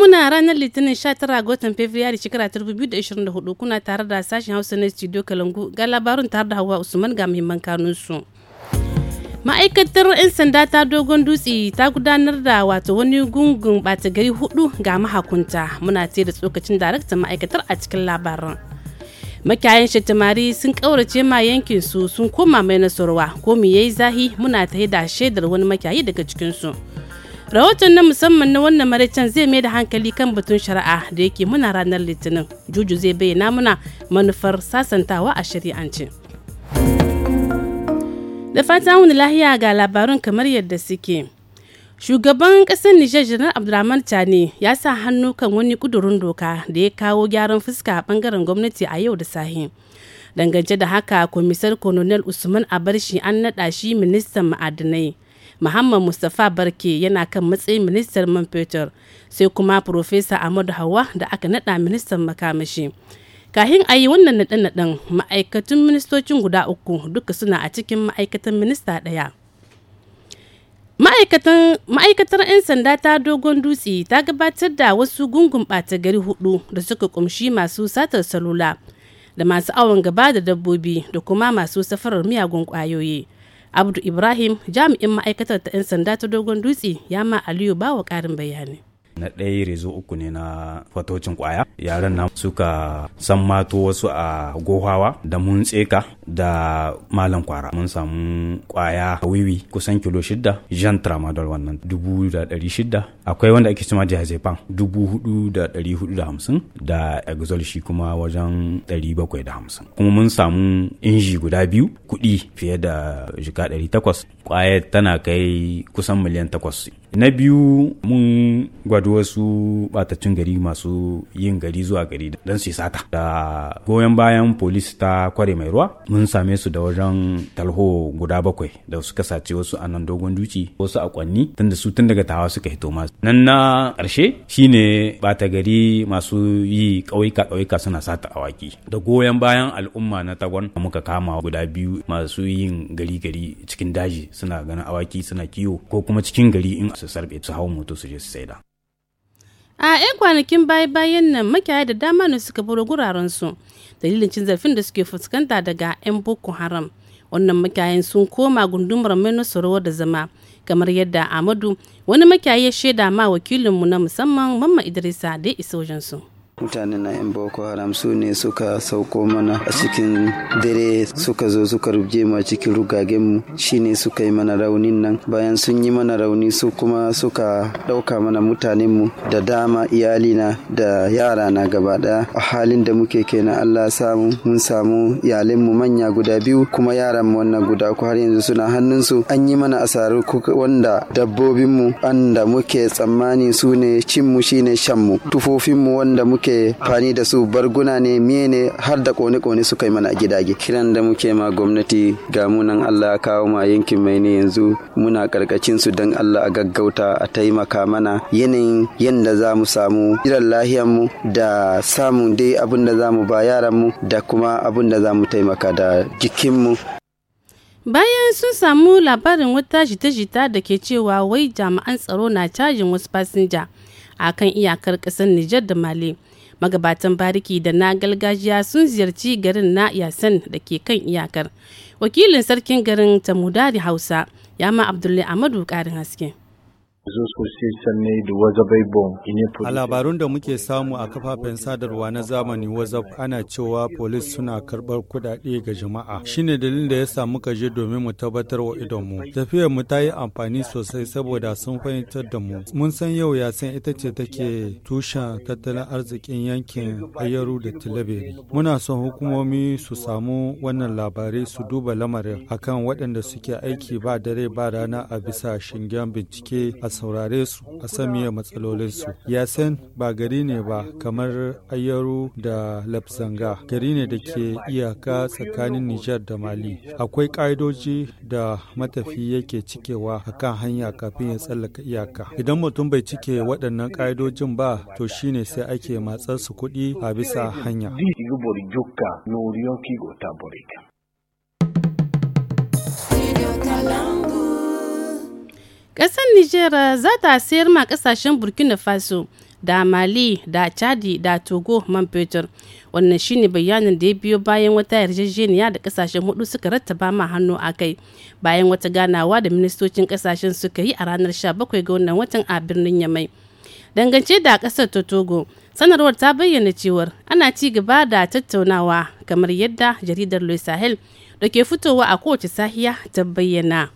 muna ranar Litinin 19 ga watan Fabrairu shekara 2024 kuna tare da sashen Hausa na Studio Kalangu ga labarin tare da hawa Usman ga muhimman kanunsu. Ma'aikatar 'yan sanda ta dogon dutse ta gudanar da wato wani gungun bata gari hudu ga mahakunta muna ce da tsokacin darakta ma'aikatar a cikin labarin. Makiyayan shatamari sun kaurace ma yankin su sun koma mai nasarwa ko mu yayi zahi muna ta da shaidar wani makiyayi daga cikinsu. su. rahoton na musamman na wannan maraicen zai mai da hankali kan batun shari'a da yake muna ranar litinin juju zai bayyana muna manufar sasantawa a shari'ance da fata wani lahiya ga labarun kamar yadda suke shugaban ƙasar nijar janar abdulrahman tani ya sa hannu kan wani kudurin doka da ya kawo gyaran fuska a bangaren gwamnati a yau da sahi dangance da haka komisar colonel usman abarshi an naɗa shi ministan ma'adanai muhammad mustapha barke yana kan matsayin ministan man fetur sai kuma profesa ahmadu hawa da aka nada ministan makamashi kahin ayi wannan naɗe-naɗen ma'aikatun ministocin guda uku duka suna a cikin ma'aikatan minista ɗaya ma'aikatar 'yan sanda ta dogon dutse ta gabatar da wasu gungun ɓata gari hudu da suka kumshi masu satar salula da masu awon gaba da dabbobi da kuma masu safarar miyagun ƙwayoyi abdu ibrahim jami'in ma'aikatar ta 'yan sanda ta dogon dutse ya ma aliyu bawa ƙarin bayani na ɗaya rezo uku ne na fatocin kwaya yaran nan suka san mato wasu a gohawa da mun tseka da malam kwara mun samu kwaya wiwi kusan kilo shida jan tramadol wannan dubu da ɗari shida akwai wanda ake cima diazepam dubu hudu da ɗari hudu da hamsin da exol shi kuma wajen ɗari bakwai da hamsin kuma mun samu inji guda biyu kuɗi fiye da jika ɗari takwas kwaya tana kai kusan miliyan takwas na biyu mun gwada wasu batattun gari masu yin gari zuwa gari don su sata da goyon bayan polis ta kware mai ruwa mun same su da wajen talho guda bakwai da suka sace wasu a nan dogon duci wasu a kwanni tunda su tun daga tawa suka hito masu nan na ƙarshe shine bata gari masu yi ƙauyuka ƙauyuka suna sata awaki da goyon bayan al'umma na tagon muka kama guda biyu masu yin gari gari cikin daji suna ganin awaki suna kiwo ko kuma cikin gari in su sarbe su hau moto su je su saida a yan kwanakin baya bayan nan makiyaya da dama ne suka baro guraren su dalilin cin zarafin da suke fuskanta daga yan boko haram wannan makiyayan sun koma gundumar minisoro da zama kamar yadda amadu wani makiyayi shaida ma wakilinmu na musamman mamma idrisa da ya isa wajen su mutanen na 'yan boko haram su ne suka sauko mana a cikin dare suka zo suka rubje ma cikin rugagen mu shine suka yi mana raunin nan bayan sun yi mana rauni su kuma suka ɗauka mana mutanen mu da dama iyalina da yara na gaba daya a halin da muke kenan Allah samu mun samu iyalin mu manya guda biyu kuma yaran mu wannan guda ku har yanzu suna hannun su an yi mana asarar wanda dabbobin mu an da muke tsammani su ne cin mu shine shan mu tufofin mu wanda muke muke fani da su barguna ne miye ne har da kone-kone suka yi mana gidage kiran da muke ma gwamnati ga munan Allah kawo ma yankin mai ne yanzu muna karkacin su don Allah a gaggauta a taimaka mana yanayin yadda za mu samu jiran lahiyarmu da samun dai abin da za mu ba yaranmu da kuma abin da za mu taimaka da jikinmu bayan sun samu labarin wata jita-jita da ke cewa wai jami'an tsaro na cajin wasu fasinja a kan iyakar ƙasar Nijar da Mali. magabatan bariki da na gargajiya sun ziyarci garin na yasan da ke kan iyakar wakilin sarkin garin tamudari hausa yama abdullahi amadu karin haske A labarun da muke samu a kafafen sadarwa na zamani WhatsApp ana cewa polis suna karɓar kuɗaɗe ga jama'a. Shine dalilin da ya samu muka domin mu tabbatar wa idonmu. Tafiyar mu ta yi amfani sosai saboda sun fahimtar da mu. Mun san yau ya san ita ce take tushen tattalin arzikin yankin Ayaru da Tilaberi. Muna son hukumomi su samu wannan labarai su duba lamarin akan waɗanda suke aiki ba dare ba rana a bisa shingen bincike a saurare su a san matsalolinsu san ba gari ne ba kamar ayyaru da lafzanga gari ne da ke iyaka tsakanin nijar da mali akwai ƙa'idoji da matafi yake cikewa a kan hanya kafin ya tsallaka iyaka idan mutum bai cike waɗannan ka'idojin ba to shine sai ake matsar su kuɗi a bisa hanya Studio ƙasar niger za ta sayar ma ƙasashen burkina faso da mali da chadi da togo man fetur wannan shine bayanin da ya biyo bayan wata yarjejeniya da kasashen hudu suka rattaba ma hannu a kai bayan wata ganawa da ministocin kasashen suka yi a ranar 17 ga wannan watan a birnin yamai dangance da ƙasar ta togo sanarwar ta bayyana cewar ana ci gaba da tattaunawa kamar yadda jaridar louis sahel da ke fitowa a kowace sahiya ta bayyana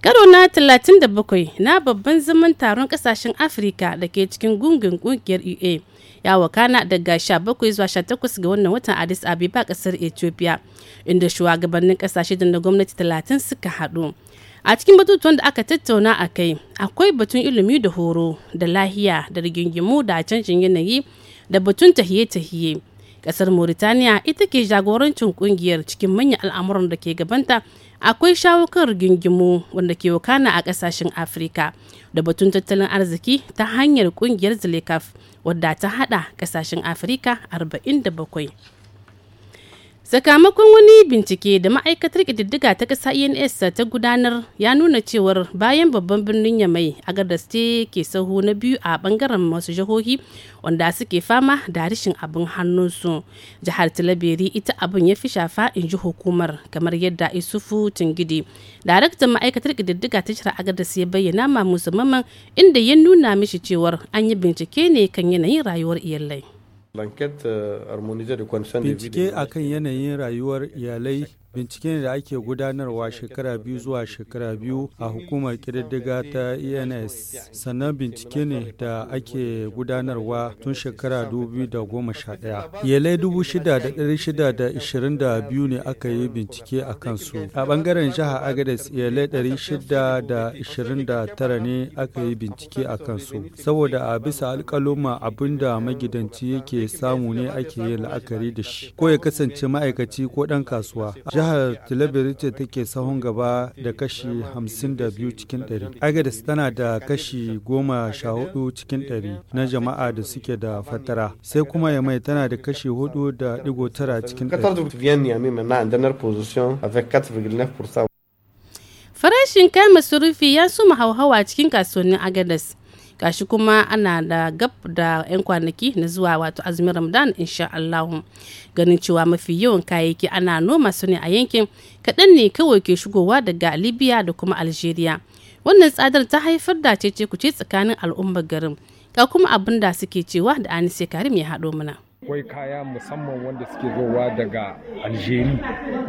Karo na 37 na babban zaman taron kasashen Afirka da ke cikin gungun kungiyar UA ya wakana daga 17 zuwa 18 ga wannan watan Addis Ababa kasar Ethiopia inda shugabannin kasashe da na gwamnati 30 suka haɗu. A cikin batutuwan da aka tattauna a kai akwai batun ilimi da horo da lahiya da rigingimu da canjin yanayi da batun tahiye-tahiye. Kasar Mauritania ita ke jagorancin kungiyar cikin manyan al'amuran da ke gabanta akwai shawukan rigingimu wanda ke wakana a kasashen afirka da batun tattalin arziki ta hanyar kungiyar zilekaf wadda ta hada kasashen afirka 47 sakamakon wani bincike da ma'aikatar ƙididdiga ta ƙasa ins e ta gudanar ya nuna cewar bayan babban birnin yamai agadas ce ke sahu na biyu a bangaren masu jihohi wanda suke fama da rashin abin hannunsu jihar talabiri ita abin ya fi shafa in ji hukumar kamar yadda isufu tingidi daraktan ma'aikatar ƙididdiga ta jihar agadas ya bayyana ma musamman inda ya nuna mishi cewar an yi bincike ne kan yanayin rayuwar iyalai. Blanket harmonisé eh, de consensus. Bincike a kan yanayin rayuwar iyalai Bincike da ake gudanarwa shekara biyu zuwa shekara biyu a hukumar kididdiga ta ENS. Sannan bincike ne da ake gudanarwa tun shekara 2011. da 6,622 ne aka yi bincike a kansu. A bangaren jihar Agadez da 629 ne aka yi bincike a kansu. Saboda a bisa alkaloma abin da magidanci yake samu ne ake yin la'akari da shi. Ko ya kasance ma'aikaci ko ɗan kasuwa. Jihar Tilabiri ce take sahun gaba da kashi 52 cikin 100. Agadis tana da kashi 14 cikin 100 na jama'a da suke da fatara. Sai kuma ya mai tana da kashi 4.9 cikin 100. Farashin kayan masurufi ya suma hauhawa cikin kasuwannin Agadas. gashi kuma ana da gab da 'yan kwanaki na zuwa wato azumin ramadan insha allahu ganin cewa mafi yawan kayayyaki ana noma su ne a yankin kaɗan ne kawai ke shigowa daga libya da kuma algeria wannan tsadar ta haifar da cece kuce tsakanin al'ummar garin ga kuma abin da suke cewa da anise karim ya haɗo mana akwai kaya musamman wanda suke zowa daga aljeri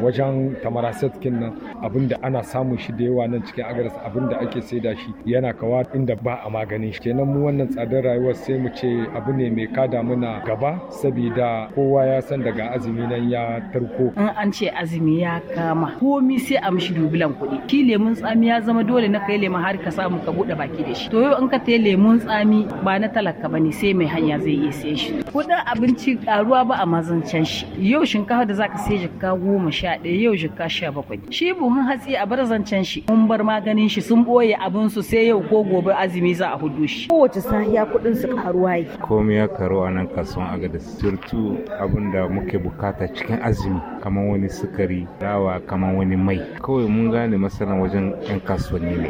wajen tamaraset nan abinda ana samun shi da yawa nan cikin agaras abinda ake saida shi yana kawa inda ba a maganin shi kenan mu wannan tsadar rayuwar sai mu ce abu ne mai kada muna gaba saboda kowa ya san daga azumi nan ya tarko in an ce azumi ya kama komi sai a mishi dubilan kuɗi ki lemun tsami ya zama dole na kai lemun har ka samu ka buɗe baki da shi to yau in ka tayi lemun tsami ba na talaka bane sai mai hanya zai iya siye shi kuɗin abinci Ci karuwa ba a mazancen shi yau shinkafa da zaka sai jikka goma sha ɗaya yau jikka sha bakwai shi buhun hatsi a bar zancen shi mun bar maganin shi sun ɓoye abin su sai yau ko gobe azumi za a hudu shi kowace sahiya kuɗin su karuwa yi komai ya karu a nan kasuwan agada surtu abin da muke bukata cikin azumi kamar wani sukari dawa kamar wani mai kawai mun gane masana wajen 'yan kasuwanni ne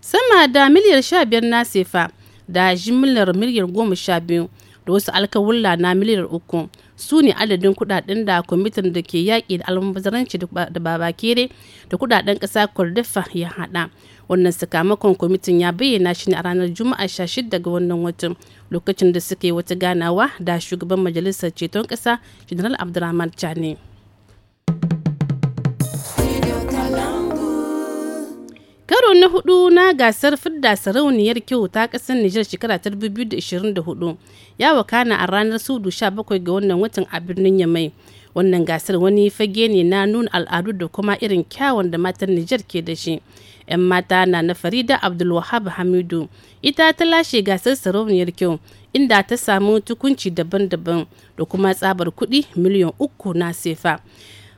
sama da miliyar biyar na sefa da jimillar miliyar goma sha biyu da wasu alkawulla na miliyar uku su ne adadin kudaden da kwamitin da ke yaƙi da almubazaranci da babakere da kudaden ƙasa kordofa ya haɗa wannan sakamakon kwamitin ya bayyana shi ne a ranar juma'a 16 daga wannan watan lokacin da suka yi wata ganawa da shugaban majalisar ceton ƙasa general abdulrahman chani. karo na hudu na gasar fidda sarauniyar kyau ta kasar Nijar shekara ta 2024 ya wakana a ranar sudu 17 ga wannan watan a birnin Yamai. Wannan gasar wani fage ne na nuna al'adu da kuma irin kyawun da matan Nijar ke da shi. 'Yan mata na na Farida Abdulwahab Hamidu ita ta lashe gasar sarauniyar kyau inda ta samu tukunci daban-daban da kuma tsabar kuɗi miliyan uku na sefa.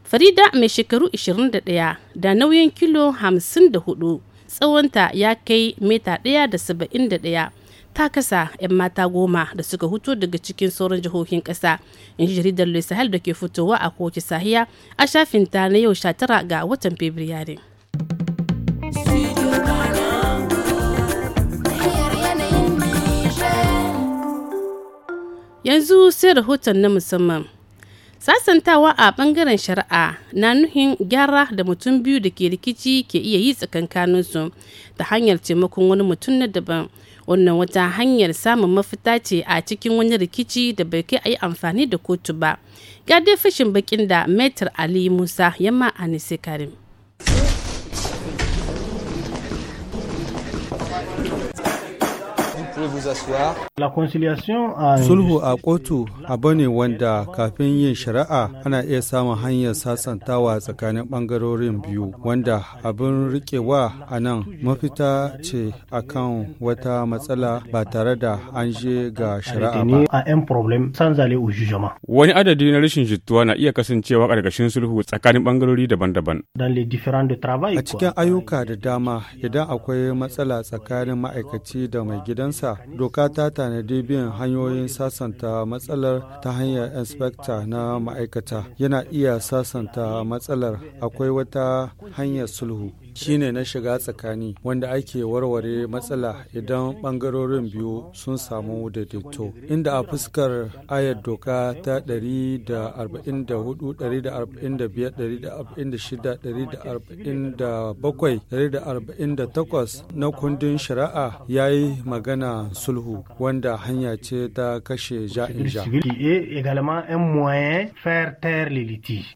Farida mai shekaru 21 da nauyin kilo 54 tsawonta ya kai mita ɗaya da saba'in da ɗaya ta kasa 'yan mata goma da suka hutu daga cikin sauran jihohin kasa in ji jaridar louis da ke fitowa a kowace sahiya a shafin ta na yau 19 ga watan fabrairu yanzu sai rahoton na musamman sasantawa a bangaren shari'a na nuhin gyara da mutum biyu da ke rikici ke iya yi tsakankaninsu ta hanyar taimakon wani mutum na daban wannan wata hanyar samun mafita ce a cikin wani rikici da bai kai a yi amfani da kotu ba ga dai fashin bakin da metar ali musa yamma anise karim pouvez vous asseoir. La conciliation a Sulhu a kotu abu ne wanda kafin yin shari'a ana iya samun hanyar sasantawa tsakanin bangarorin biyu wanda abin rikewa a nan mafita ce akan wata matsala ba tare da an je ga shari'a ba. Wani adadi na rashin jituwa na iya kasancewa ƙarƙashin sulhu tsakanin bangarori daban-daban. A cikin ayyuka da dama idan akwai matsala tsakanin ma'aikaci da mai gidansa doka ta tanadi biyan hanyoyin sasanta matsalar ta hanyar inspector na ma'aikata yana iya sasanta matsalar akwai wata hanyar sulhu shine na shiga tsakani wanda ake warware matsala idan bangarorin biyu sun samu daidaito inda a fuskar ayar doka ta 144 na kundin shari'a ya yi magana sulhu wanda hanya ce ta kashe ja.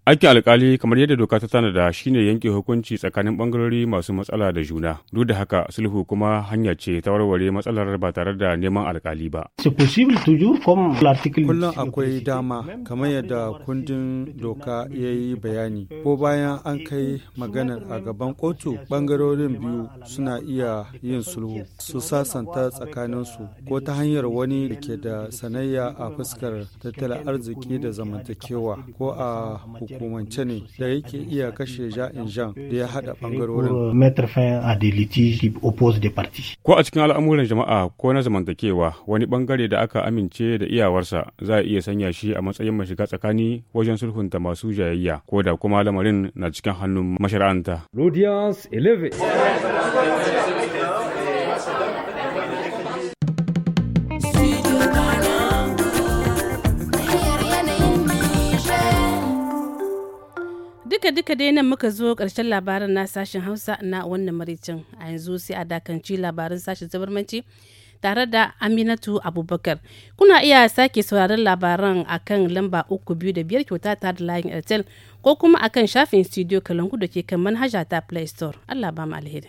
Ake alkali kamar yadda doka ta tana da shine yanke hukunci tsakanin bangarorin ɓangarori masu matsala da juna. Duk da haka sulhu kuma hanya ce ta warware matsalar ba tare da neman alkali ba. Kullum akwai dama kamar yadda kundin doka ya yi bayani. Ko bayan an kai maganar a gaban kotu ɓangarorin biyu suna iya yin sulhu su sasanta tsakaninsu ko ta hanyar wani da ke da sanayya a fuskar tattalin arziki da zamantakewa ko a hukumance ne da yake iya kashe ja'in jan da ya haɗa ɓangarori wurin. Mettre fin à des litiges des parties. Ko a cikin al'amuran jama'a ko na zamantakewa wani bangare da aka amince da iyawarsa za a iya sanya shi a matsayin mashiga tsakani wajen sulhunta masu jayayya ko da kuma lamarin na cikin hannun mashara'anta. Rodias 11. haka duka dai nan muka zo ƙarshen labarin na sashen hausa na wannan maricin a yanzu sai a dakanci labarin sashen zabarmanci tare da aminatu abubakar kuna iya sake sauraron labaran akan lamba uku biyu da biyar kyauta ta da layin airtel ko kuma akan shafin studio kalangu da ke kan manhaja ta play store allah ba mu alheri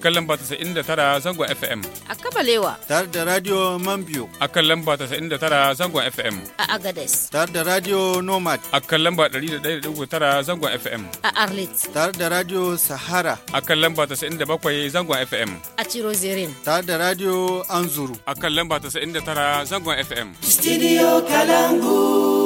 kan lamba 99 zangon FM. A Kabalewa. Tare da Radio Mambio. A kan lamba 99 zangon FM. A Agades. Tare da Radio Nomad. A kan lamba 101.9 zangon FM. A Arlit. Tare da Radio Sahara. A kan lamba 97 zangon FM. A Chirozirin. Tare da Radio Anzuru. A kan lamba 99 zangon FM. Studio Kalangu.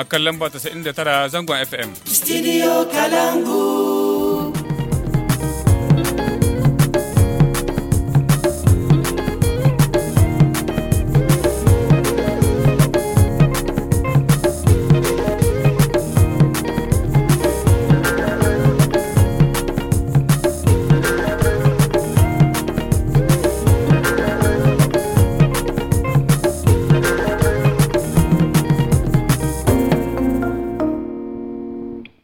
a kan lamba 99 zangon FM. Studio Kalangu.